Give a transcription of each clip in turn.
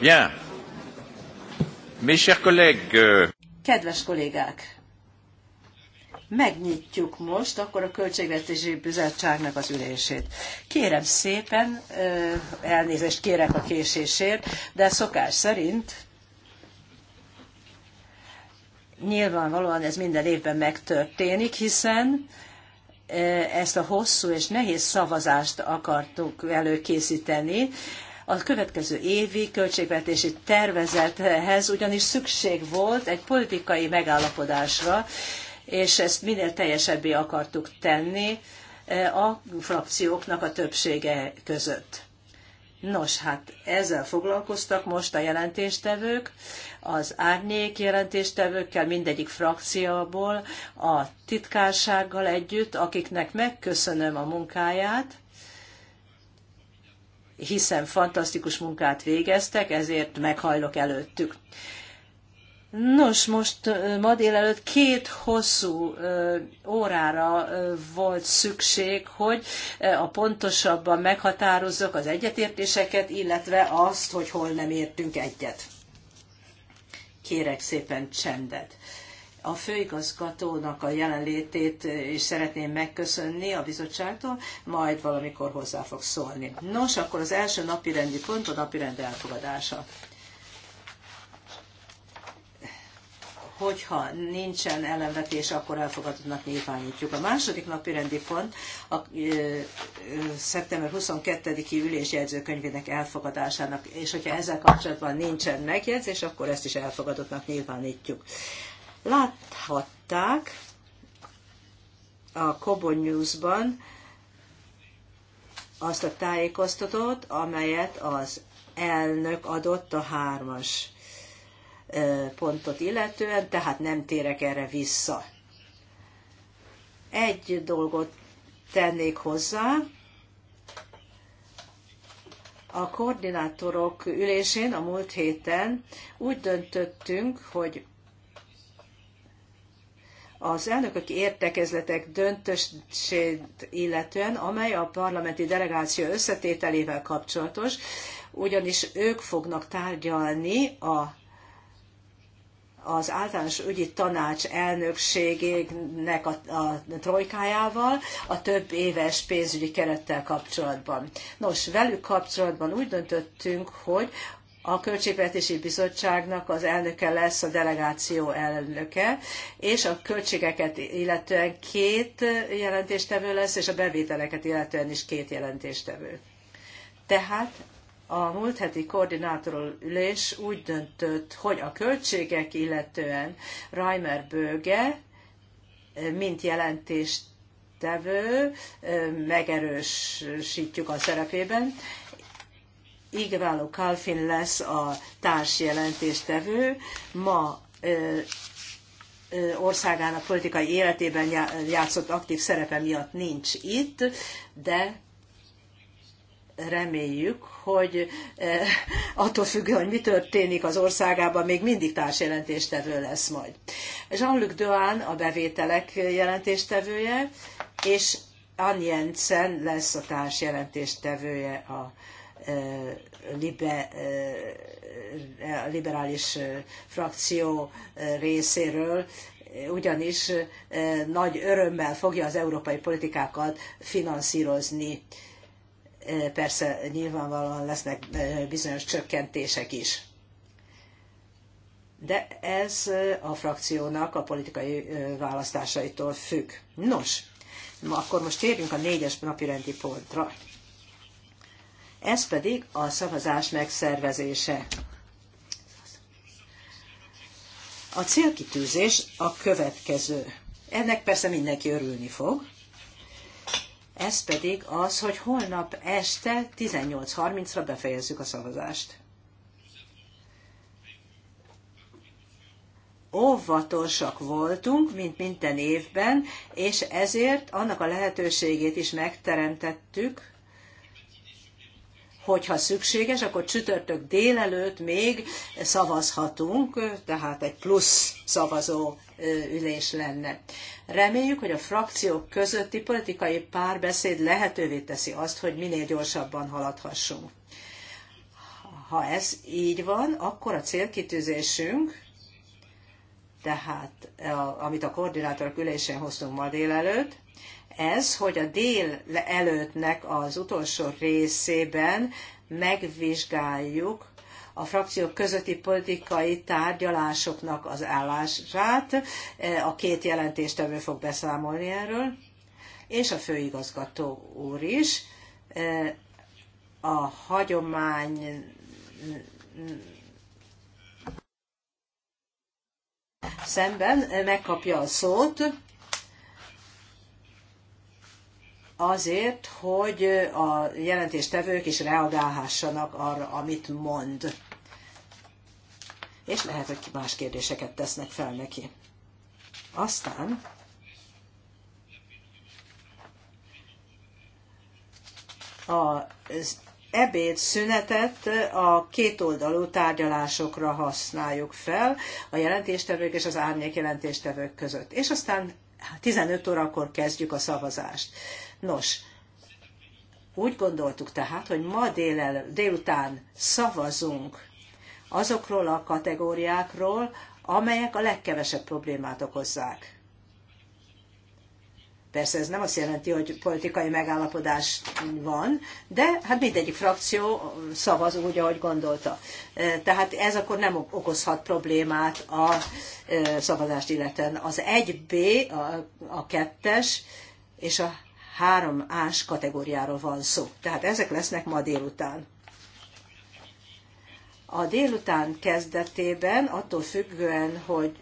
Bien. Mes chers collègues. Euh, Kedves kollégák! Megnyitjuk most akkor a Költségvetési Bizottságnak az ülését. Kérem szépen, elnézést kérek a késésért, de szokás szerint nyilvánvalóan ez minden évben megtörténik, hiszen Eh, ezt a hosszú és nehéz szavazást akartuk előkészíteni, a következő évi költségvetési tervezethez ugyanis szükség volt egy politikai megállapodásra, és ezt minél teljesebbé akartuk tenni eh, a frakcióknak a többsége között. Nos, hát ezzel foglalkoztak most a jelentéstevők, az árnyék jelentéstevőkkel, mindegyik frakciából, a titkársággal együtt, akiknek megköszönöm a munkáját, hiszen fantasztikus munkát végeztek, ezért meghajlok előttük. Nos, most ma délelőtt két hosszú órára volt szükség, hogy a pontosabban meghatározzak az egyetértéseket, illetve azt, hogy hol nem értünk egyet kérek szépen csendet. A főigazgatónak a jelenlétét is szeretném megköszönni a bizottságtól, majd valamikor hozzá fog szólni. Nos, akkor az első napi rendi pont a napi rend elfogadása. hogyha nincsen ellenvetés, akkor elfogadottnak nyilvánítjuk. A második napi rendi pont a szeptember 22-i ülésjegyzőkönyvének elfogadásának, és hogyha ezzel kapcsolatban nincsen megjegyzés, akkor ezt is elfogadottnak nyilvánítjuk. Láthatták a Kobo News-ban azt a tájékoztatót, amelyet az elnök adott a hármas pontot illetően, tehát nem térek erre vissza. Egy dolgot tennék hozzá, a koordinátorok ülésén a múlt héten úgy döntöttünk, hogy az elnökök értekezletek döntését illetően, amely a parlamenti delegáció összetételével kapcsolatos, ugyanis ők fognak tárgyalni a az általános ügyi tanács elnökségének a, a trojkájával a több éves pénzügyi kerettel kapcsolatban. Nos, velük kapcsolatban úgy döntöttünk, hogy a Költségvetési Bizottságnak az elnöke lesz a delegáció elnöke, és a költségeket illetően két jelentéstevő lesz, és a bevételeket illetően is két jelentéstevő. Tehát a múlt heti koordinátoról ülés úgy döntött, hogy a költségek illetően Reimer Böge, mint jelentéstevő, megerősítjük a szerepében, Igváló Kalfin lesz a társ jelentéstevő, Ma országának politikai életében játszott aktív szerepe miatt nincs itt, de reméljük, hogy eh, attól függően, hogy mi történik az országában, még mindig társjelentéstevő lesz majd. Jean-Luc Doan a bevételek jelentéstevője, és Ann Jensen lesz a társjelentéstevője a eh, eh, a liberális frakció részéről, ugyanis nagy örömmel fogja az európai politikákat finanszírozni persze nyilvánvalóan lesznek bizonyos csökkentések is. De ez a frakciónak a politikai választásaitól függ. Nos, akkor most térjünk a négyes napirendi pontra. Ez pedig a szavazás megszervezése. A célkitűzés a következő. Ennek persze mindenki örülni fog, ez pedig az, hogy holnap este 18.30-ra befejezzük a szavazást. Óvatosak voltunk, mint minden évben, és ezért annak a lehetőségét is megteremtettük, hogyha szükséges, akkor csütörtök délelőtt még szavazhatunk, tehát egy plusz szavazó ülés lenne. Reméljük, hogy a frakciók közötti politikai párbeszéd lehetővé teszi azt, hogy minél gyorsabban haladhassunk. Ha ez így van, akkor a célkitűzésünk, tehát amit a koordinátorok ülésén hoztunk ma délelőtt, ez, hogy a dél előttnek az utolsó részében megvizsgáljuk a frakciók közötti politikai tárgyalásoknak az állását. A két jelentéstevő fog beszámolni erről, és a főigazgató úr is. A hagyomány szemben megkapja a szót, azért, hogy a jelentéstevők is reagálhassanak arra, amit mond. És lehet, hogy más kérdéseket tesznek fel neki. Aztán az ebéd szünetet a kétoldalú tárgyalásokra használjuk fel a jelentéstevők és az árnyék jelentéstevők között. És aztán 15 hát órakor kezdjük a szavazást. Nos, úgy gondoltuk tehát, hogy ma délel, délután szavazunk azokról a kategóriákról, amelyek a legkevesebb problémát okozzák. Persze ez nem azt jelenti, hogy politikai megállapodás van, de hát mindegyik frakció szavaz úgy, ahogy gondolta. E, tehát ez akkor nem okozhat problémát a e, szavazást illetően. Az 1B, a, a 2-es és a három ás kategóriáról van szó. Tehát ezek lesznek ma délután. A délután kezdetében, attól függően, hogy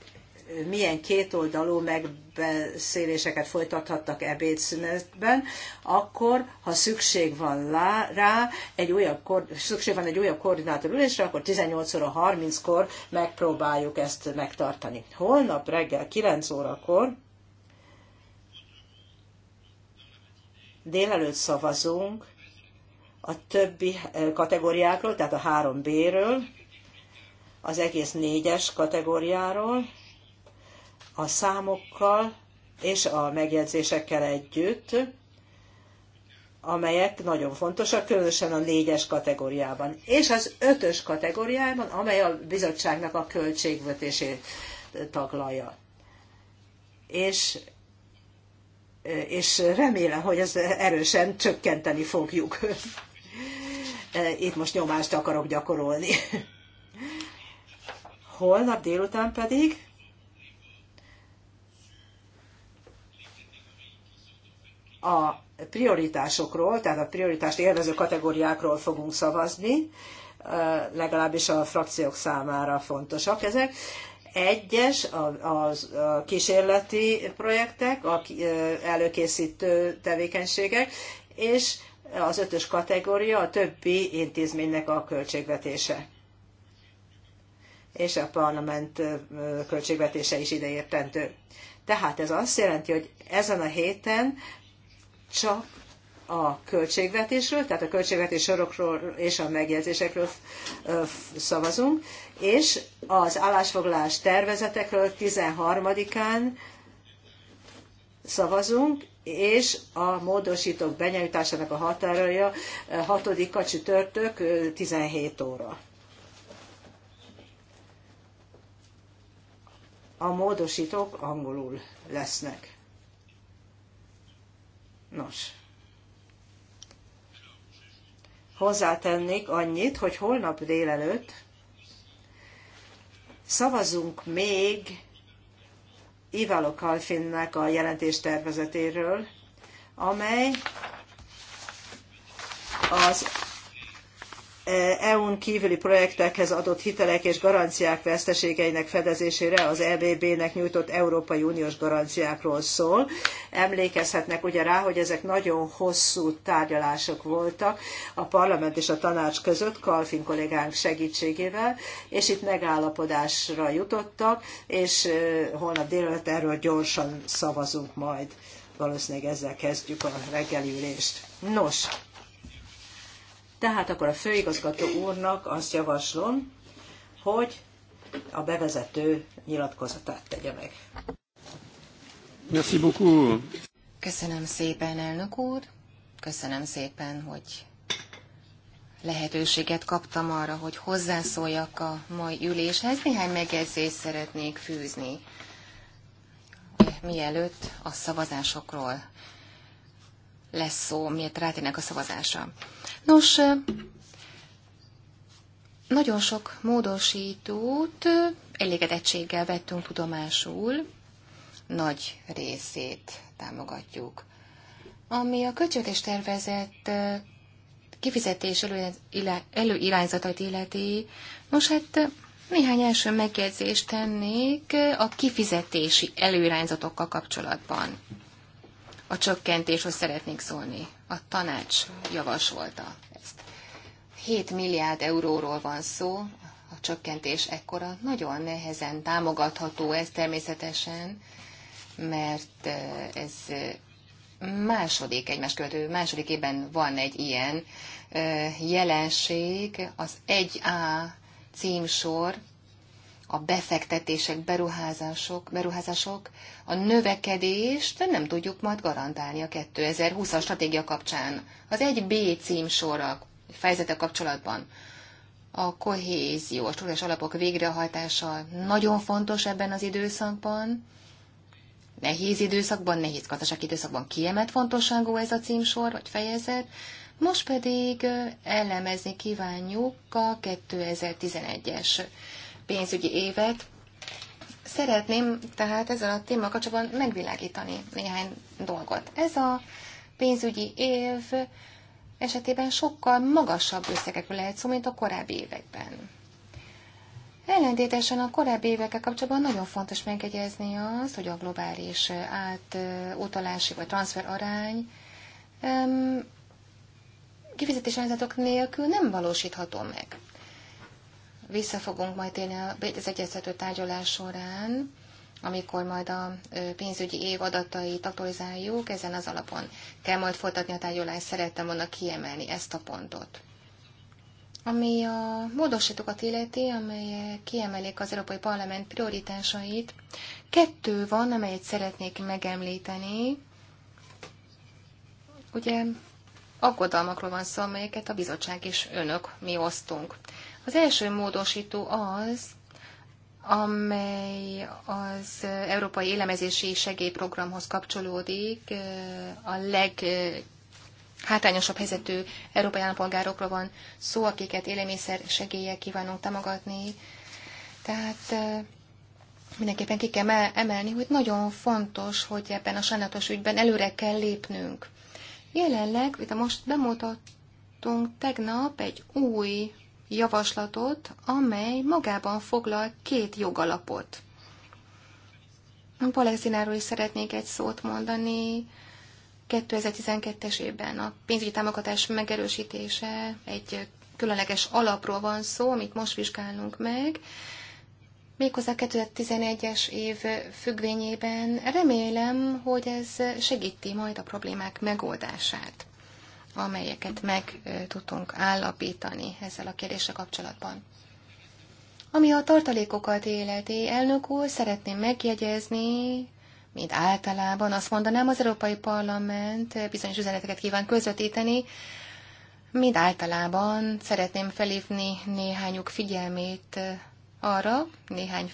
milyen kétoldalú megbeszéléseket folytathattak ebédszünetben, akkor, ha szükség van rá, egy újabb, szükség van egy újabb koordinátor ülésre, akkor 18 óra 30-kor megpróbáljuk ezt megtartani. Holnap reggel 9 órakor délelőtt szavazunk a többi eh, kategóriákról, tehát a 3B-ről, az egész négyes kategóriáról, a számokkal és a megjegyzésekkel együtt, amelyek nagyon fontosak, különösen a négyes kategóriában. És az ötös kategóriában, amely a bizottságnak a költségvetését taglalja. És és remélem, hogy ez erősen csökkenteni fogjuk. Itt most nyomást akarok gyakorolni. Holnap délután pedig a prioritásokról, tehát a prioritást élvező kategóriákról fogunk szavazni, legalábbis a frakciók számára fontosak ezek egyes a, a, a kísérleti projektek, a előkészítő tevékenységek, és az ötös kategória a többi intézménynek a költségvetése. És a parlament költségvetése is ideértendő. Tehát ez azt jelenti, hogy ezen a héten csak a költségvetésről, tehát a költségvetés sorokról és a megjegyzésekről szavazunk, és az állásfoglalás tervezetekről 13-án szavazunk, és a módosítók benyújtásának a határaja 6-a csütörtök 17 óra. A módosítók angolul lesznek. Nos hozzátennék annyit, hogy holnap délelőtt szavazunk még Ivalo Kalfinnek a jelentés tervezetéről, amely az EU-n e kívüli projektekhez adott hitelek és garanciák veszteségeinek fedezésére az EBB-nek nyújtott Európai Uniós garanciákról szól. Emlékezhetnek ugye rá, hogy ezek nagyon hosszú tárgyalások voltak a parlament és a tanács között Kalfin kollégánk segítségével, és itt megállapodásra jutottak, és e, holnap délelőtt erről gyorsan szavazunk majd. Valószínűleg ezzel kezdjük a reggeli ülést. Nos, tehát akkor a főigazgató úrnak azt javaslom, hogy a bevezető nyilatkozatát tegye meg. Merci beaucoup. Köszönöm szépen, elnök úr. Köszönöm szépen, hogy lehetőséget kaptam arra, hogy hozzászóljak a mai üléshez. Néhány megjegyzést szeretnék fűzni, mielőtt a szavazásokról lesz szó, miért rátének a szavazása. Nos, nagyon sok módosítót elégedettséggel vettünk tudomásul, nagy részét támogatjuk. Ami a költségvetés tervezett kifizetés előirányzatait illeti, nos hát néhány első megjegyzést tennék a kifizetési előirányzatokkal kapcsolatban a csökkentésről szeretnék szólni. A tanács javasolta ezt. 7 milliárd euróról van szó, a csökkentés ekkora. Nagyon nehezen támogatható ez természetesen, mert eh, ez második, egymás követő második évben van egy ilyen eh, jelenség, az 1A címsor a befektetések, beruházások, beruházások, a növekedést nem tudjuk majd garantálni a 2020-as stratégia kapcsán. Az egy B címsorra, fejezete kapcsolatban a kohézió, a struktúrás alapok végrehajtása nagyon fontos ebben az időszakban. Nehéz időszakban, nehéz gazdasági időszakban kiemelt fontosságú ez a címsor vagy fejezet. Most pedig elemezni kívánjuk a 2011-es pénzügyi évet. Szeretném tehát ezzel a téma kapcsolatban megvilágítani néhány dolgot. Ez a pénzügyi év esetében sokkal magasabb összegekről lehet szó, mint a korábbi években. Ellentétesen a korábbi évekkel kapcsolatban nagyon fontos megjegyezni azt, hogy a globális átutalási vagy transfer arány kifizetési nélkül nem valósítható meg. Vissza fogunk majd élni az egyeztető tárgyalás során, amikor majd a pénzügyi év adatait aktualizáljuk, ezen az alapon kell majd folytatni a tárgyalást, szerettem volna kiemelni ezt a pontot. Ami a módosítókat illeti, amelyek kiemelik az Európai Parlament prioritásait, kettő van, amelyet szeretnék megemlíteni. Ugye aggodalmakról van szó, amelyeket a bizottság és önök mi osztunk. Az első módosító az, amely az Európai Élemezési Segélyprogramhoz kapcsolódik, a leghátrányosabb helyzetű európai állampolgárokra van szó, akiket élelmiszer segélyek kívánunk támogatni. Tehát mindenképpen ki kell emelni, hogy nagyon fontos, hogy ebben a sajnálatos ügyben előre kell lépnünk. Jelenleg, itt most bemutattunk tegnap egy új javaslatot, amely magában foglal két jogalapot. A is szeretnék egy szót mondani. 2012-es évben a pénzügyi támogatás megerősítése egy különleges alapról van szó, amit most vizsgálunk meg. Méghozzá 2011-es év függvényében remélem, hogy ez segíti majd a problémák megoldását amelyeket meg tudtunk állapítani ezzel a kérdéssel kapcsolatban. Ami a tartalékokat életi, elnök úr, szeretném megjegyezni, mint általában azt mondanám, az Európai Parlament bizonyos üzeneteket kíván közvetíteni, mint általában szeretném felhívni néhányuk figyelmét arra, néhány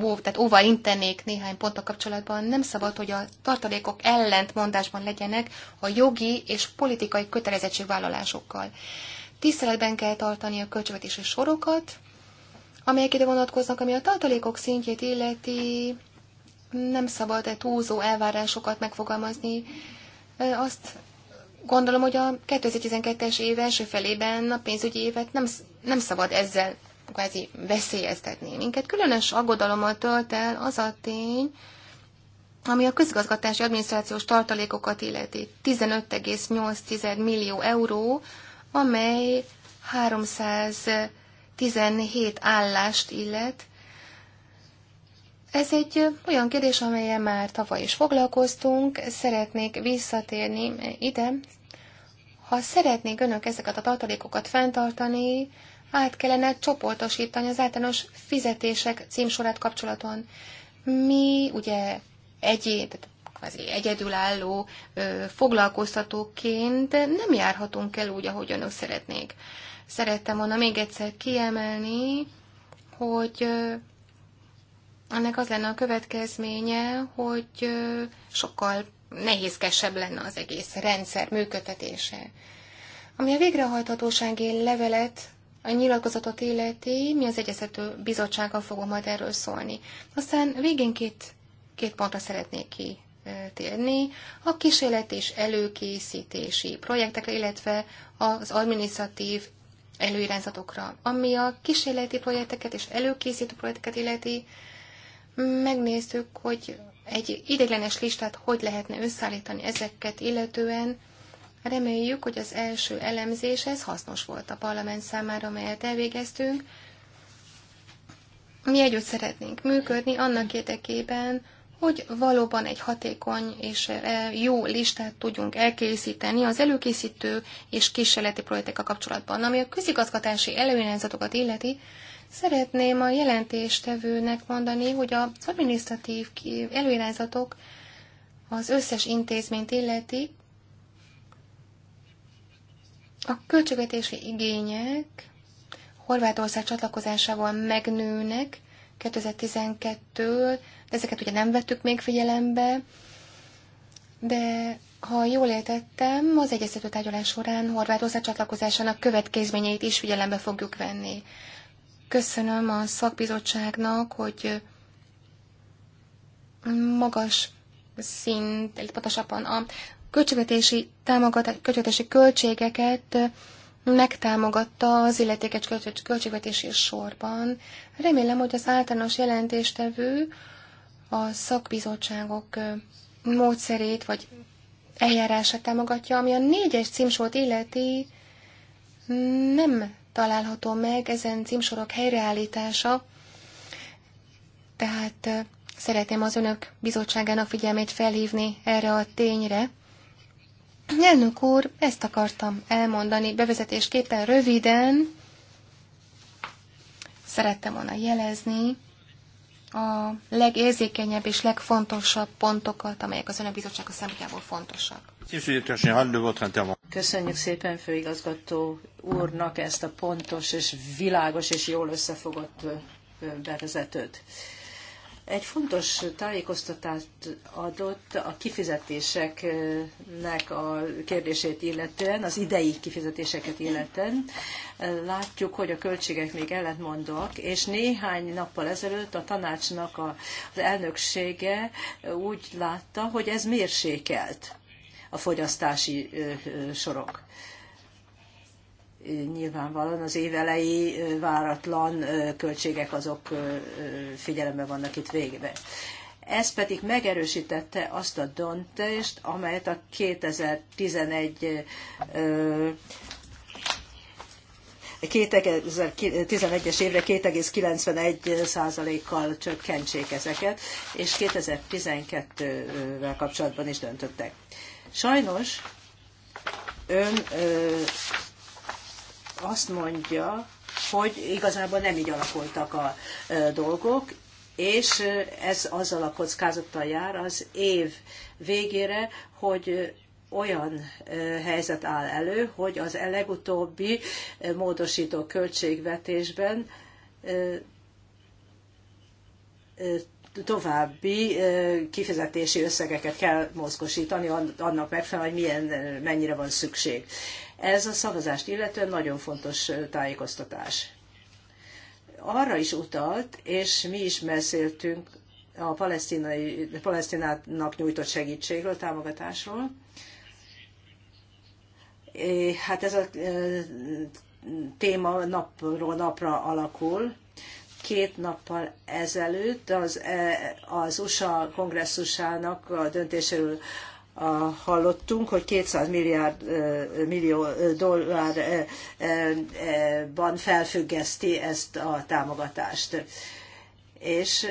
óv, tehát óva intenék néhány ponttal kapcsolatban, nem szabad, hogy a tartalékok ellentmondásban legyenek a jogi és politikai kötelezettségvállalásokkal. Tiszteletben kell tartani a költségvetési sorokat, amelyek ide vonatkoznak, ami a tartalékok szintjét illeti, nem szabad -e túlzó elvárásokat megfogalmazni. Azt gondolom, hogy a 2012-es év első felében a pénzügyi évet nem, nem szabad ezzel kvázi veszélyeztetné minket. Különös aggodalommal tölt el az a tény, ami a közigazgatási adminisztrációs tartalékokat illeti 15,8 millió euró, amely 317 állást illet. Ez egy olyan kérdés, amelyen már tavaly is foglalkoztunk, szeretnék visszatérni ide. Ha szeretnék önök ezeket a tartalékokat fenntartani, át kellene csoportosítani az általános fizetések címsorát kapcsolaton. Mi ugye egyéb, kvázi egyedülálló ö, foglalkoztatóként nem járhatunk el úgy, ahogy önök szeretnék. Szerettem volna még egyszer kiemelni, hogy ö, ennek az lenne a következménye, hogy ö, sokkal nehézkesebb lenne az egész rendszer működtetése. Ami a végrehajthatósági levelet a nyilatkozatot illeti, mi az egyeztető bizottsággal fogom majd erről szólni. Aztán végén két, két pontra szeretnék ki térni, a kísérlet és előkészítési projektekre, illetve az administratív előirányzatokra. Ami a kísérleti projekteket és előkészítő projekteket illeti, megnéztük, hogy egy ideiglenes listát hogy lehetne összeállítani ezeket illetően, Reméljük, hogy az első elemzéshez ez hasznos volt a parlament számára, amelyet elvégeztünk. Mi együtt szeretnénk működni annak érdekében, hogy valóban egy hatékony és eh, jó listát tudjunk elkészíteni az előkészítő és kísérleti projektekkel kapcsolatban. Ami a közigazgatási előirányzatokat illeti, szeretném a jelentéstevőnek mondani, hogy az adminisztratív előirányzatok az összes intézményt illetik, a költségvetési igények Horvátország csatlakozásával megnőnek 2012-től, de ezeket ugye nem vettük még figyelembe, de ha jól értettem, az egyeztető tárgyalás során Horvátország csatlakozásának következményeit is figyelembe fogjuk venni. Köszönöm a szakbizottságnak, hogy magas szint, egy pontosabban a költségvetési, támogat költségvetési költségeket megtámogatta az illetékes költségvetési sorban. Remélem, hogy az általános jelentéstevő a szakbizottságok módszerét vagy eljárását támogatja, ami a négyes címsort illeti nem található meg ezen címsorok helyreállítása, tehát Szeretném az önök bizottságának figyelmét felhívni erre a tényre. Elnök úr, ezt akartam elmondani bevezetésképpen röviden. Szerettem volna jelezni a legérzékenyebb és legfontosabb pontokat, amelyek az önök a szempontjából fontosak. Köszönjük szépen főigazgató úrnak ezt a pontos és világos és jól összefogott bevezetőt egy fontos tájékoztatást adott a kifizetéseknek a kérdését illetően, az idei kifizetéseket illetően. Látjuk, hogy a költségek még ellentmondóak, és néhány nappal ezelőtt a tanácsnak a, az elnöksége úgy látta, hogy ez mérsékelt a fogyasztási sorok nyilvánvalóan az évelei váratlan költségek azok figyelembe vannak itt végbe. Ez pedig megerősítette azt a döntést, amelyet a 2011 2011-es évre 2,91 százalékkal csökkentsék ezeket, és 2012-vel kapcsolatban is döntöttek. Sajnos ön ö, azt mondja, hogy igazából nem így alakultak a dolgok, és ez azzal a kockázattal jár az év végére, hogy olyan helyzet áll elő, hogy az e legutóbbi módosító költségvetésben további kifizetési összegeket kell mozgosítani annak megfelelően, hogy milyen, mennyire van szükség. Ez a szavazást illetően nagyon fontos tájékoztatás. Arra is utalt, és mi is beszéltünk a palesztinának nyújtott segítségről, támogatásról. Hát ez a téma napról napra alakul. Két nappal ezelőtt az, e, az USA kongresszusának a döntéséről a hallottunk, hogy 200 milliárd, millió dollárban felfüggeszti ezt a támogatást. És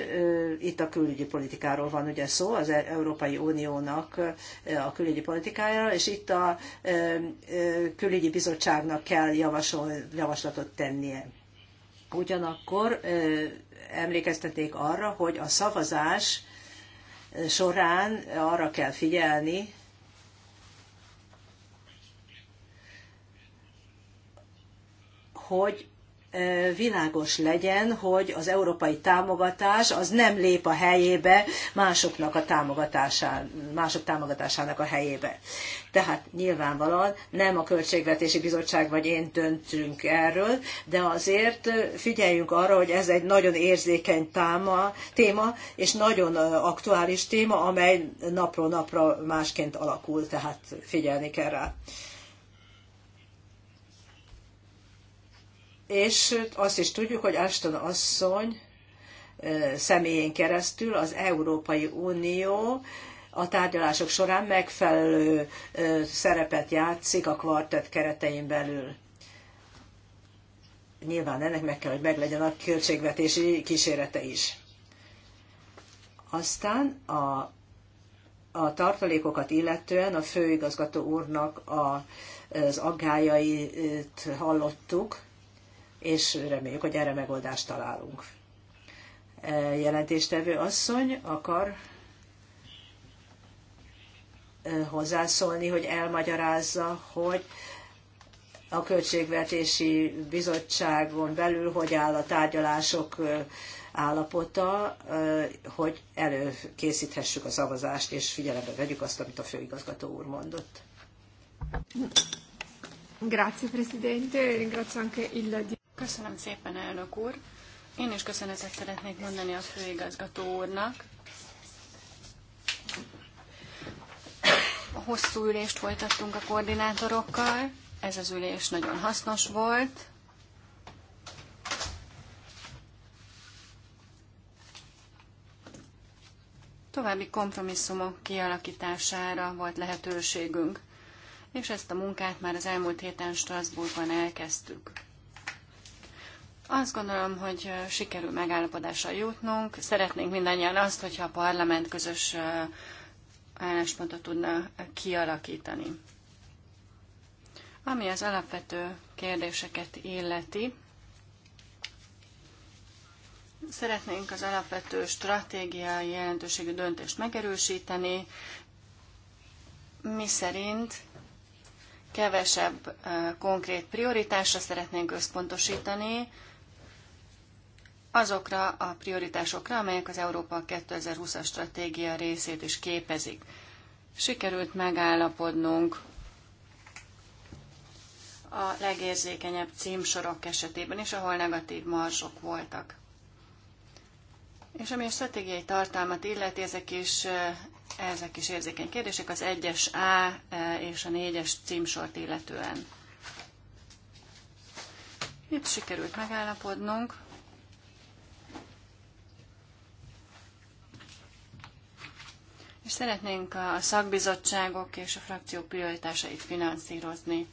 itt a külügyi politikáról van ugye szó, az e- Európai Uniónak a külügyi politikájára, és itt a külügyi bizottságnak kell javasol, javaslatot tennie. Ugyanakkor emlékeztették arra, hogy a szavazás során arra kell figyelni, hogy világos legyen, hogy az európai támogatás az nem lép a helyébe másoknak a támogatásán, mások támogatásának a helyébe. Tehát nyilvánvalóan nem a Költségvetési Bizottság vagy én döntünk erről, de azért figyeljünk arra, hogy ez egy nagyon érzékeny táma, téma, és nagyon aktuális téma, amely napról napra másként alakul, tehát figyelni kell rá. és azt is tudjuk, hogy Ashton asszony személyén keresztül az Európai Unió a tárgyalások során megfelelő szerepet játszik a kvartett keretein belül. Nyilván ennek meg kell, hogy meglegyen a költségvetési kísérete is. Aztán a, a tartalékokat illetően a főigazgató úrnak a, az aggájait hallottuk, és reméljük, hogy erre megoldást találunk. E, jelentéstevő asszony akar e, hozzászólni, hogy elmagyarázza, hogy a Költségvetési Bizottságon belül hogy áll a tárgyalások e, állapota, hogy előkészíthessük a szavazást, és figyelembe vegyük azt, amit a főigazgató úr mondott. Grazie Presidente, ringrazio anche il Köszönöm szépen, elnök úr. Én is köszönetet szeretnék mondani a főigazgató úrnak. A hosszú ülést folytattunk a koordinátorokkal. Ez az ülés nagyon hasznos volt. További kompromisszumok kialakítására volt lehetőségünk, és ezt a munkát már az elmúlt héten Strasbourgban elkezdtük. Azt gondolom, hogy sikerül megállapodásra jutnunk. Szeretnénk mindannyian azt, hogyha a parlament közös álláspontot tudna kialakítani. Ami az alapvető kérdéseket illeti, szeretnénk az alapvető stratégiai jelentőségű döntést megerősíteni, mi szerint kevesebb konkrét prioritásra szeretnénk összpontosítani, azokra a prioritásokra, amelyek az Európa 2020-as stratégia részét is képezik. Sikerült megállapodnunk a legérzékenyebb címsorok esetében is, ahol negatív marzsok voltak. És ami a stratégiai tartalmat illeti, ezek is, ezek is érzékeny kérdések az 1-es A e és a 4-es címsort illetően. Itt sikerült megállapodnunk és szeretnénk a szakbizottságok és a frakciók prioritásait finanszírozni.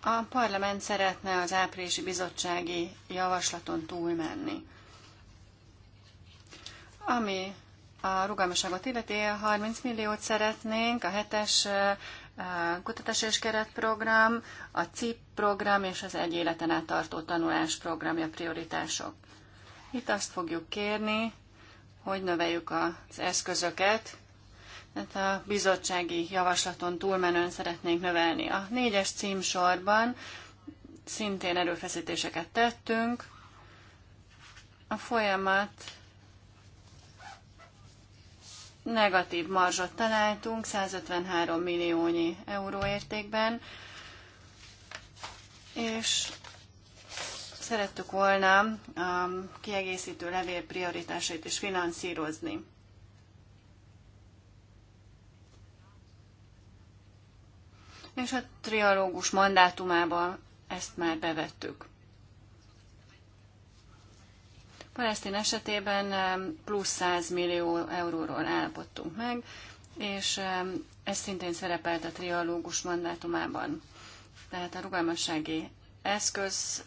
A parlament szeretne az áprilisi bizottsági javaslaton túlmenni. Ami a rugalmasságot illeti, 30 milliót szeretnénk, a hetes kutatás és keretprogram, a CIP program és az egy életen át tartó tanulás programja prioritások. Itt azt fogjuk kérni, hogy növeljük az eszközöket, tehát a bizottsági javaslaton túlmenően szeretnénk növelni. A négyes címsorban szintén erőfeszítéseket tettünk. A folyamat negatív marzsot találtunk, 153 milliónyi euró értékben, és Szerettük volna a kiegészítő levél prioritásait is finanszírozni. És a trialógus mandátumába ezt már bevettük. Palesztin esetében plusz 100 millió euróról állapodtunk meg, és ez szintén szerepelt a trialógus mandátumában. Tehát a rugalmassági eszköz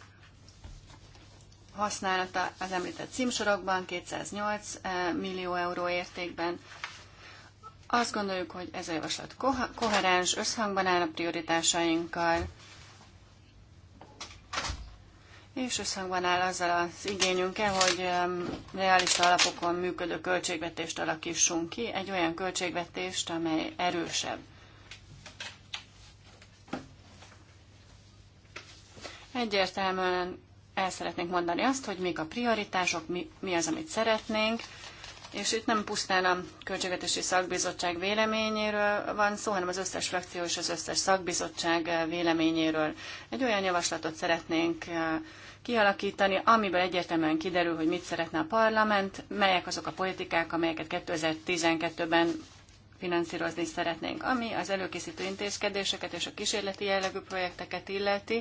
használata az említett címsorokban 208 eh, millió euró értékben. Azt gondoljuk, hogy ez a javaslat koherens, összhangban áll a prioritásainkkal, és összhangban áll azzal az igényünkkel, hogy realista alapokon működő költségvetést alakítsunk ki, egy olyan költségvetést, amely erősebb. Egyértelműen el szeretnénk mondani azt, hogy mik a prioritások, mi, mi az, amit szeretnénk, és itt nem pusztán a Költségvetési Szakbizottság véleményéről van szó, hanem az összes frakció és az összes szakbizottság véleményéről. Egy olyan javaslatot szeretnénk eh, kialakítani, amiből egyértelműen kiderül, hogy mit szeretne a parlament, melyek azok a politikák, amelyeket 2012-ben finanszírozni szeretnénk, ami az előkészítő intézkedéseket és a kísérleti jellegű projekteket illeti.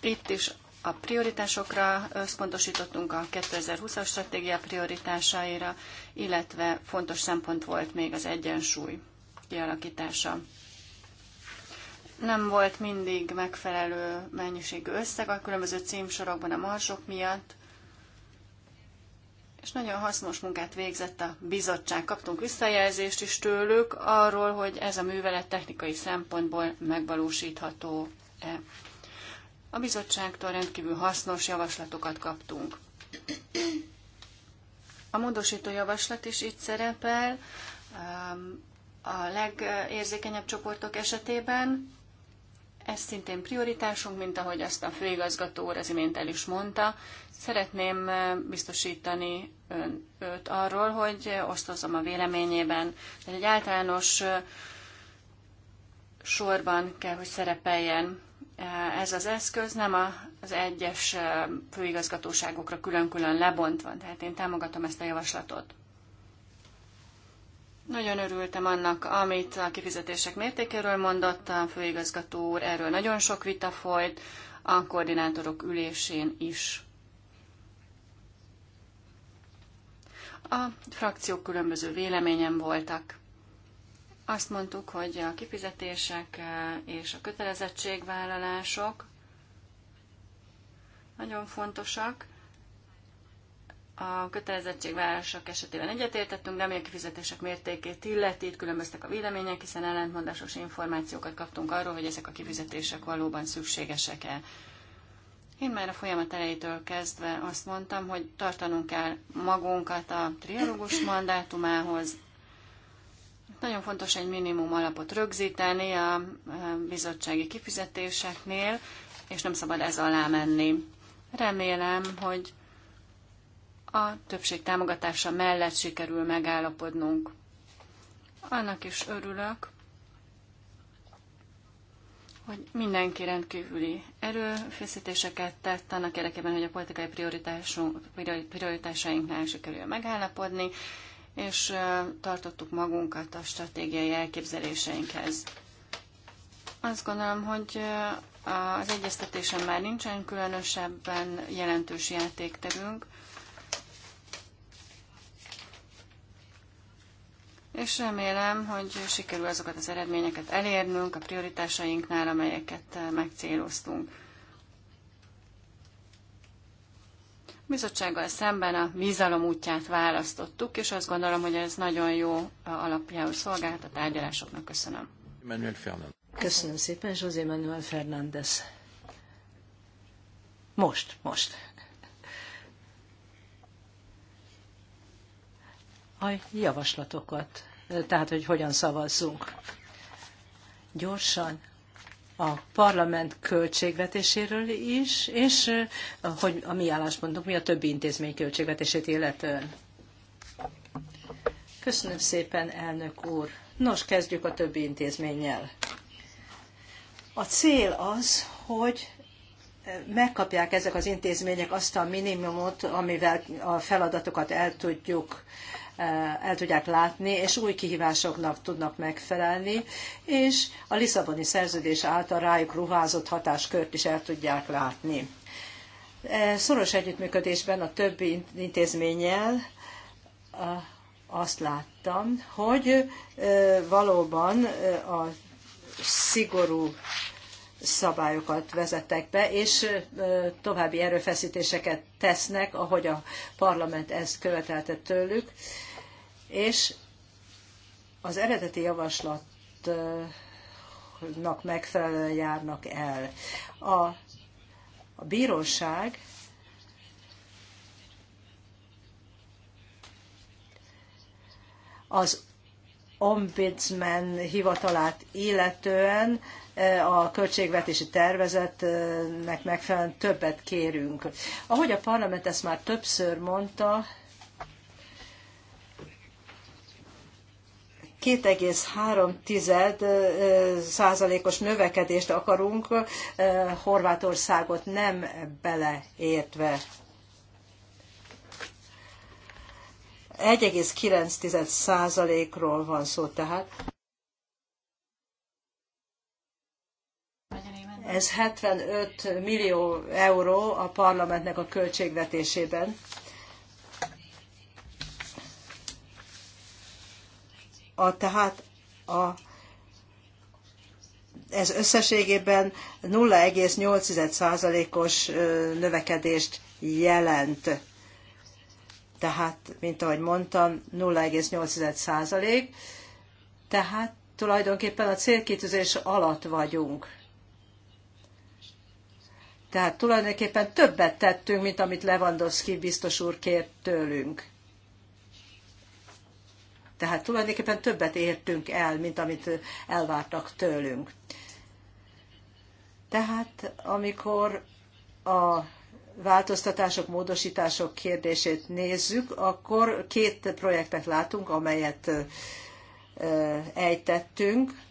Itt is a prioritásokra összpontosítottunk, a 2020-as stratégia prioritásaira, illetve fontos szempont volt még az egyensúly kialakítása. Nem volt mindig megfelelő mennyiségű összeg a különböző címsorokban a marsok miatt, és nagyon hasznos munkát végzett a bizottság. Kaptunk visszajelzést is tőlük arról, hogy ez a művelet technikai szempontból megvalósítható-e. A bizottságtól rendkívül hasznos javaslatokat kaptunk. A módosító javaslat is itt szerepel. Um, a legérzékenyebb csoportok esetében ez szintén prioritásunk, mint ahogy azt a főigazgató úr az imént el is mondta. Szeretném uh, biztosítani ön, őt arról, hogy osztozom a véleményében, hogy egy általános uh, sorban kell, hogy szerepeljen ez az eszköz nem az egyes főigazgatóságokra külön-külön lebontva, tehát én támogatom ezt a javaslatot. Nagyon örültem annak, amit a kifizetések mértékéről mondott a főigazgató úr, erről nagyon sok vita folyt, a koordinátorok ülésén is. A frakciók különböző véleményen voltak. Azt mondtuk, hogy a kifizetések eh, és a kötelezettségvállalások nagyon fontosak. A kötelezettségvállalások esetében egyetértettünk, de ami a kifizetések mértékét illeti, itt különböztek a vélemények, hiszen ellentmondásos információkat kaptunk arról, hogy ezek a kifizetések valóban szükségesek-e. Én már a folyamat elejétől kezdve azt mondtam, hogy tartanunk kell magunkat a trialógus mandátumához, nagyon fontos egy minimum alapot rögzíteni a bizottsági kifizetéseknél, és nem szabad ez alá menni. Remélem, hogy a többség támogatása mellett sikerül megállapodnunk. Annak is örülök, hogy mindenki rendkívüli erőfeszítéseket tett annak érdekében, hogy a politikai prioritásainknál sikerül megállapodni, és tartottuk magunkat a stratégiai elképzeléseinkhez. Azt gondolom, hogy az egyeztetésen már nincsen különösebben jelentős játékterünk, és remélem, hogy sikerül azokat az eredményeket elérnünk a prioritásainknál, amelyeket megcéloztunk. bizottsággal szemben a bizalom útját választottuk, és azt gondolom, hogy ez nagyon jó alapjául szolgált a tárgyalásoknak. Köszönöm. Manuel Fernández. Köszönöm szépen, José Manuel Fernández. Most, most. A javaslatokat, tehát hogy hogyan szavazzunk. Gyorsan, a parlament költségvetéséről is, és hogy a mi álláspontunk mi a többi intézmény költségvetését illetően. Köszönöm szépen, elnök úr. Nos, kezdjük a többi intézménnyel. A cél az, hogy megkapják ezek az intézmények azt a minimumot, amivel a feladatokat el tudjuk Eh, el tudják látni, és új kihívásoknak tudnak megfelelni, és a Lisszaboni szerződés által rájuk ruházott hatáskört is el tudják látni. Eh, szoros együttműködésben a többi intézménnyel eh, azt láttam, hogy valóban a szigorú szabályokat vezettek be, és további erőfeszítéseket tesznek, ahogy a parlament ezt követelte tőlük. És az eredeti javaslatnak megfelelően járnak el. A, a bíróság az ombudsman hivatalát illetően a költségvetési tervezetnek megfelelően többet kérünk. Ahogy a parlament ezt már többször mondta, 2,3 százalékos növekedést akarunk Horvátországot nem beleértve. 1,9 százalékról van szó tehát. Ez 75 millió euró a parlamentnek a költségvetésében. A, tehát a, ez összességében 0,8%-os növekedést jelent. Tehát, mint ahogy mondtam, 0,8%. Tehát tulajdonképpen a célkitűzés alatt vagyunk tehát tulajdonképpen többet tettünk, mint amit Lewandowski biztos úr kért tőlünk. Tehát tulajdonképpen többet értünk el, mint amit elvártak tőlünk. Tehát amikor a változtatások, módosítások kérdését nézzük, akkor két projektet látunk, amelyet ejtettünk.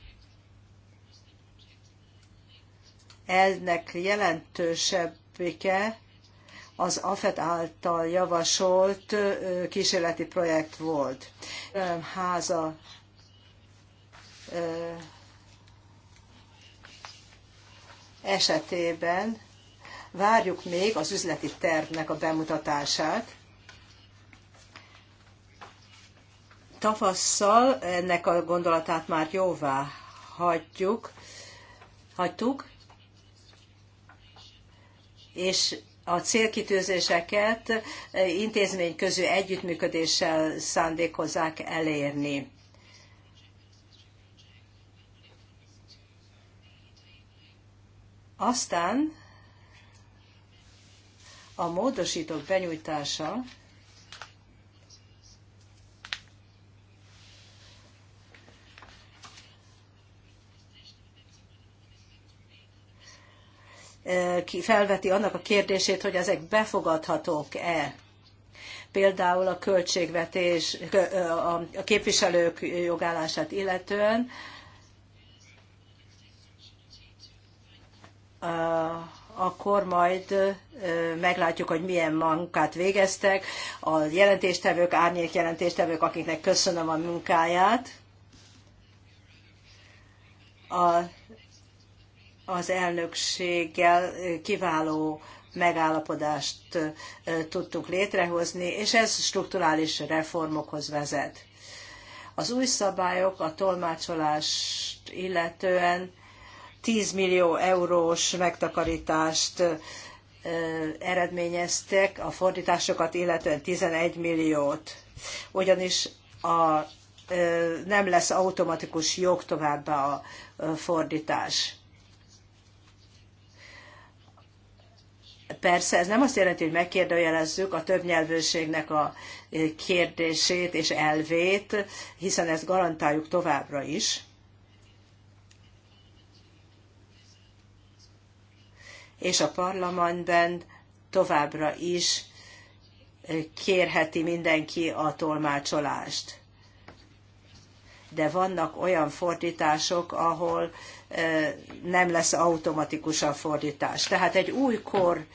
ennek jelentősebbike az AFET által javasolt kísérleti projekt volt. Háza esetében várjuk még az üzleti tervnek a bemutatását. Tavasszal ennek a gondolatát már jóvá hagyjuk, hagytuk, és a célkitűzéseket intézményközi együttműködéssel szándékozzák elérni. Aztán a módosítók benyújtása felveti annak a kérdését, hogy ezek befogadhatók-e. Például a költségvetés, a képviselők jogállását illetően, akkor majd meglátjuk, hogy milyen munkát végeztek. A jelentéstevők, árnyék jelentéstevők, akiknek köszönöm a munkáját. A az elnökséggel kiváló megállapodást tudtuk létrehozni, és ez strukturális reformokhoz vezet. Az új szabályok a tolmácsolást illetően 10 millió eurós megtakarítást eredményeztek, a fordításokat illetően 11 milliót. Ugyanis a, nem lesz automatikus továbbá a fordítás. Persze ez nem azt jelenti, hogy megkérdőjelezzük a többnyelvőségnek a kérdését és elvét, hiszen ezt garantáljuk továbbra is. És a parlamentben továbbra is kérheti mindenki a tolmácsolást. De vannak olyan fordítások, ahol nem lesz automatikus a fordítás. Tehát egy új kor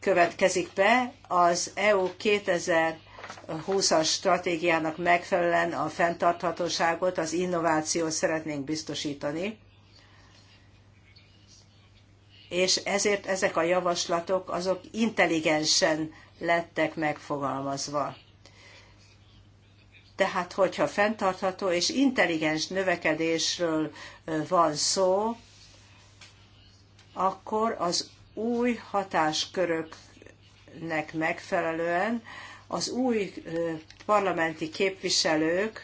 következik be, az EU 2020-as stratégiának megfelelően a fenntarthatóságot, az innovációt szeretnénk biztosítani, és ezért ezek a javaslatok azok intelligensen lettek megfogalmazva. Tehát, hogyha fenntartható és intelligens növekedésről van szó, akkor az új hatásköröknek megfelelően az új parlamenti képviselők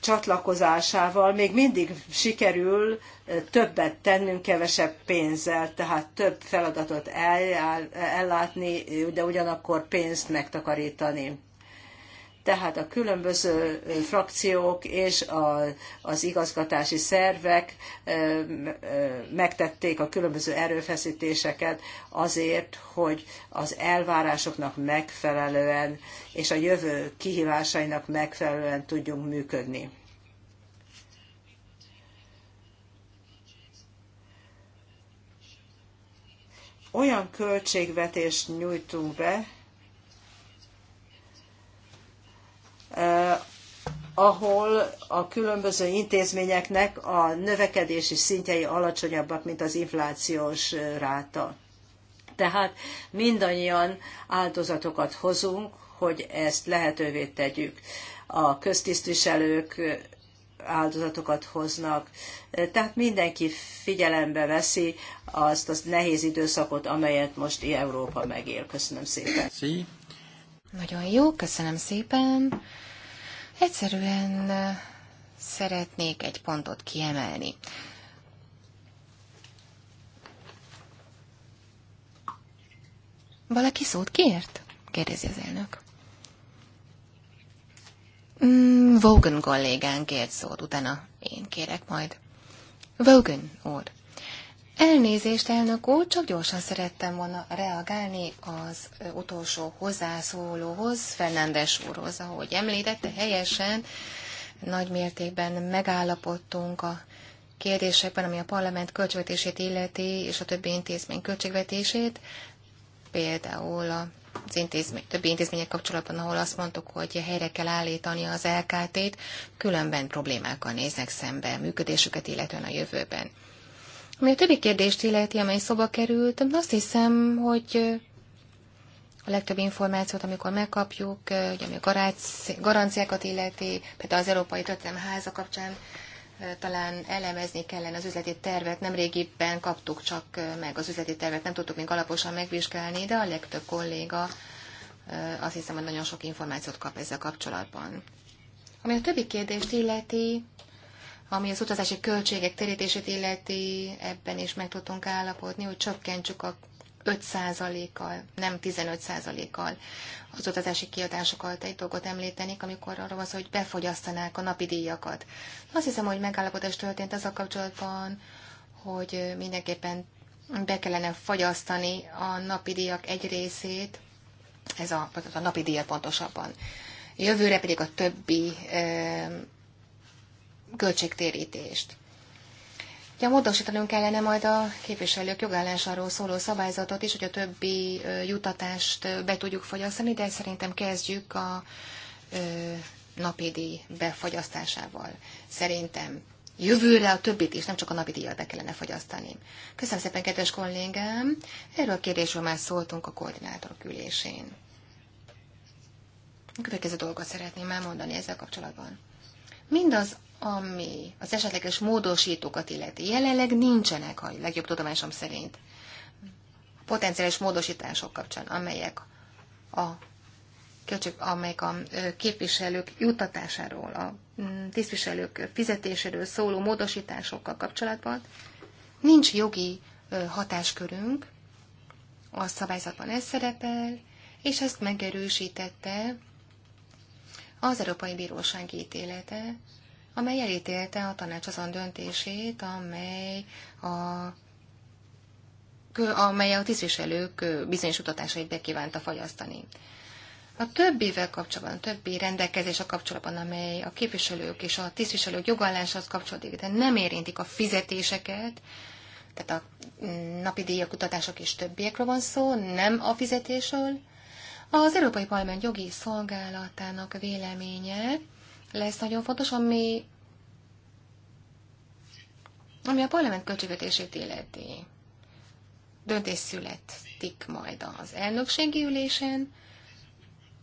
csatlakozásával még mindig sikerül eh, többet tennünk kevesebb pénzzel, tehát több feladatot eljár, ellátni, eh, de ugyanakkor pénzt megtakarítani tehát a különböző frakciók és a, az igazgatási szervek megtették a különböző erőfeszítéseket azért, hogy az elvárásoknak megfelelően és a jövő kihívásainak megfelelően tudjunk működni. Olyan költségvetést nyújtunk be, E, ahol a különböző intézményeknek a növekedési szintjei alacsonyabbak, mint az inflációs ráta. Tehát mindannyian áldozatokat hozunk, hogy ezt lehetővé tegyük. A köztisztviselők áldozatokat hoznak. Tehát mindenki figyelembe veszi azt a nehéz időszakot, amelyet most Európa megél. Köszönöm szépen. Sí. Nagyon jó, köszönöm szépen. Egyszerűen szeretnék egy pontot kiemelni. Valaki szót kért? kérdezi az elnök. Mm, Vogan kollégán kért szót, utána én kérek majd. Vogan úr. Elnézést, elnök úr, csak gyorsan szerettem volna reagálni az utolsó hozzászólóhoz, Fernándes úrhoz, ahogy említette, helyesen nagy mértékben megállapodtunk a kérdésekben, ami a parlament költségvetését illeti, és a többi intézmény költségvetését, például a az intézmény, többi intézmények kapcsolatban, ahol azt mondtuk, hogy helyre kell állítani az LKT-t, különben problémákkal néznek szembe működésüket, illetően a jövőben. Ami a többi kérdést illeti, amely szoba került, azt hiszem, hogy a legtöbb információt, amikor megkapjuk, ugye, ami a garanciákat illeti, például az Európai Történelem Háza kapcsán talán elemezni kellene az üzleti tervet. Nem régiben kaptuk csak meg az üzleti tervet, nem tudtuk még alaposan megvizsgálni, de a legtöbb kolléga azt hiszem, hogy nagyon sok információt kap ezzel kapcsolatban. Ami a többi kérdést illeti, ami az utazási költségek terítését illeti, ebben is meg tudtunk állapodni, hogy csökkentsük a 5%-kal, nem 15%-kal az utazási kiadásokat. Egy dolgot említenék, amikor arról van szó, hogy befogyasztanák a napi díjakat. Azt hiszem, hogy megállapodás történt az a kapcsolatban, hogy mindenképpen be kellene fogyasztani a napi díjak egy részét, ez a, a napi díjat pontosabban. Jövőre pedig a többi eh, költségtérítést. Ugye módosítanunk kellene majd a képviselők jogállásáról szóló szabályzatot is, hogy a többi jutatást be tudjuk fogyasztani, de szerintem kezdjük a napidi befogyasztásával. Szerintem jövőre a többit is, nem csak a napi díjat be kellene fogyasztani. Köszönöm szépen, kedves kollégám! Erről a kérdésről már szóltunk a koordinátor ülésén. A következő dolgot szeretném elmondani ezzel kapcsolatban. Mindaz, ami az esetleges módosítókat illeti. Jelenleg nincsenek, a legjobb tudomásom szerint, potenciális módosítások kapcsán, amelyek a költség, amelyek a képviselők jutatásáról, a mm, tisztviselők fizetéséről szóló módosításokkal kapcsolatban. Nincs jogi hatáskörünk, a szabályzatban ez szerepel, és ezt megerősítette az Európai Bíróság ítélete, amely elítélte a tanács azon döntését, amely a amely a tisztviselők bizonyos utatásait be kívánta fagyasztani. A többivel kapcsolatban, a többi rendelkezés a kapcsolatban, amely a képviselők és a tisztviselők jogálláshoz kapcsolódik, de nem érintik a fizetéseket, tehát a mm, napi díjak, utatások és többiekről van szó, nem a fizetésről. Az Európai Parlament jogi szolgálatának véleménye lesz nagyon fontos, ami, ami a parlament költségvetését illeti. Döntés születik majd az elnökségi ülésen,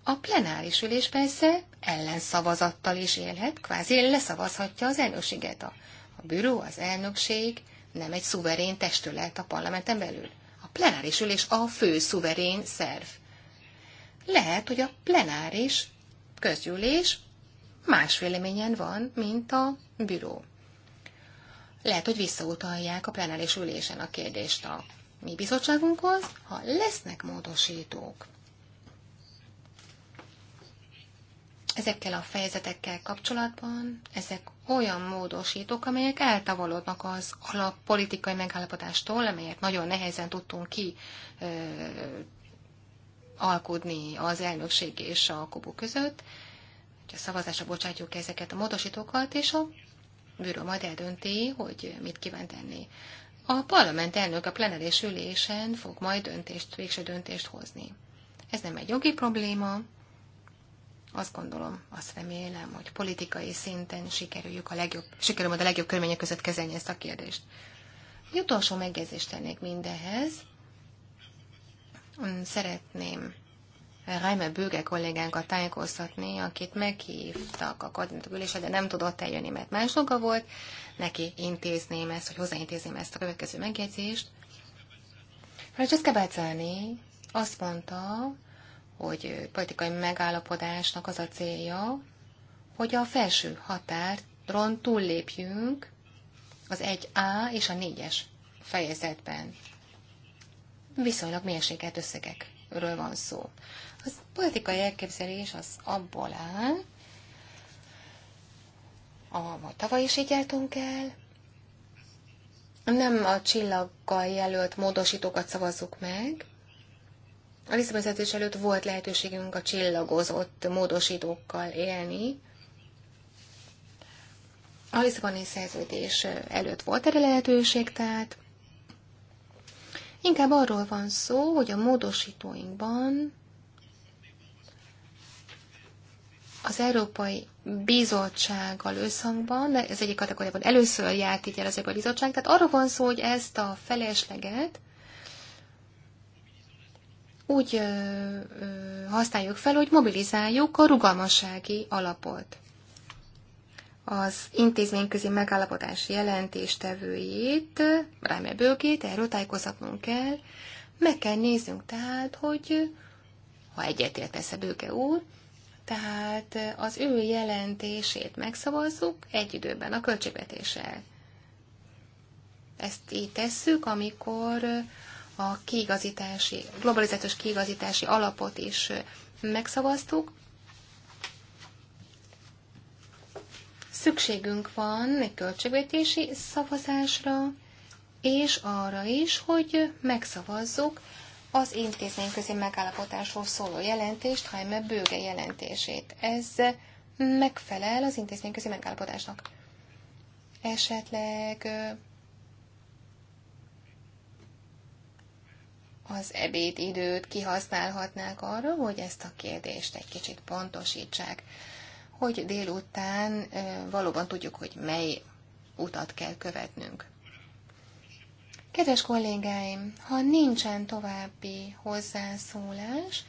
a plenáris ülés persze ellenszavazattal is élhet, kvázi leszavazhatja az elnökséget. A, a büró, az elnökség nem egy szuverén testület a parlamenten belül. A plenáris ülés a fő szuverén szerv. Lehet, hogy a plenáris közgyűlés más véleményen van, mint a büró. Lehet, hogy visszautalják a plenáris ülésen a kérdést a mi bizottságunkhoz, ha lesznek módosítók. Ezekkel a fejezetekkel kapcsolatban ezek olyan módosítók, amelyek eltávolodnak az alappolitikai megállapodástól, amelyet nagyon nehezen tudtunk ki ö, alkudni az elnökség és a kobu között hogy a szavazásra bocsátjuk ezeket a módosítókat, és a bűrő majd eldönti, hogy mit kíván tenni. A parlament elnök a plenerés ülésen fog majd döntést, végső döntést hozni. Ez nem egy jogi probléma, azt gondolom, azt remélem, hogy politikai szinten sikerüljük a legjobb, sikerül majd a legjobb körülmények között kezelni ezt a kérdést. Egy utolsó megjegyzést tennék mindehhez. Szeretném Reimer Bőge kollégánkat tájékoztatni, akit meghívtak a koordinátorülésre, de nem tudott eljönni, mert más dolga volt. Neki intézném ezt, hogy hozzáintézném ezt a következő megjegyzést. Francesca Bazzani azt mondta, hogy politikai megállapodásnak az a célja, hogy a felső határon túllépjünk az 1A és a 4-es fejezetben. Viszonylag mérsékelt összegek ről van szó. Az politikai elképzelés az abból áll, a, a tavaly is így jártunk el, nem a csillaggal jelölt módosítókat szavazzuk meg. A visszavezetés előtt volt lehetőségünk a csillagozott módosítókkal élni. A Lisszaboni szerződés előtt volt erre lehetőség, tehát Inkább arról van szó, hogy a módosítóinkban az Európai Bizottsággal összhangban, de ez egyik kategóriában először járt így el az Európai Bizottság, tehát arról van szó, hogy ezt a felesleget úgy ö, ö, használjuk fel, hogy mobilizáljuk a rugalmassági alapot az intézményközi megállapodás jelentéstevőjét, Ráme Bőgét, erről tájékozatnunk kell. Meg kell néznünk tehát, hogy ha egyetért tesz a Bőke úr, tehát az ő jelentését megszavazzuk egy időben a költségvetéssel. Ezt így tesszük, amikor a kiigazítási, globalizációs kiigazítási alapot is megszavaztuk, Szükségünk van egy költségvetési szavazásra, és arra is, hogy megszavazzuk az intézményközi megállapotásról szóló jelentést, Hajme bőge jelentését. Ez megfelel az intézményközi megállapotásnak. Esetleg az ebédidőt kihasználhatnák arra, hogy ezt a kérdést egy kicsit pontosítsák hogy délután valóban tudjuk, hogy mely utat kell követnünk. Kedves kollégáim, ha nincsen további hozzászólás,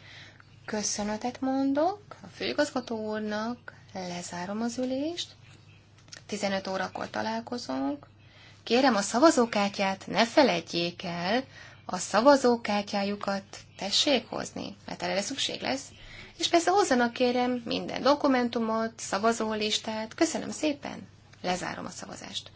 köszönetet mondok a főigazgató úrnak, lezárom az ülést, 15 órakor találkozunk. Kérem a szavazókártyát ne felejtjék el, a szavazókártyájukat tessék hozni, mert erre szükség lesz. És persze hozzanak kérem minden dokumentumot, szavazólistát. Köszönöm szépen, lezárom a szavazást.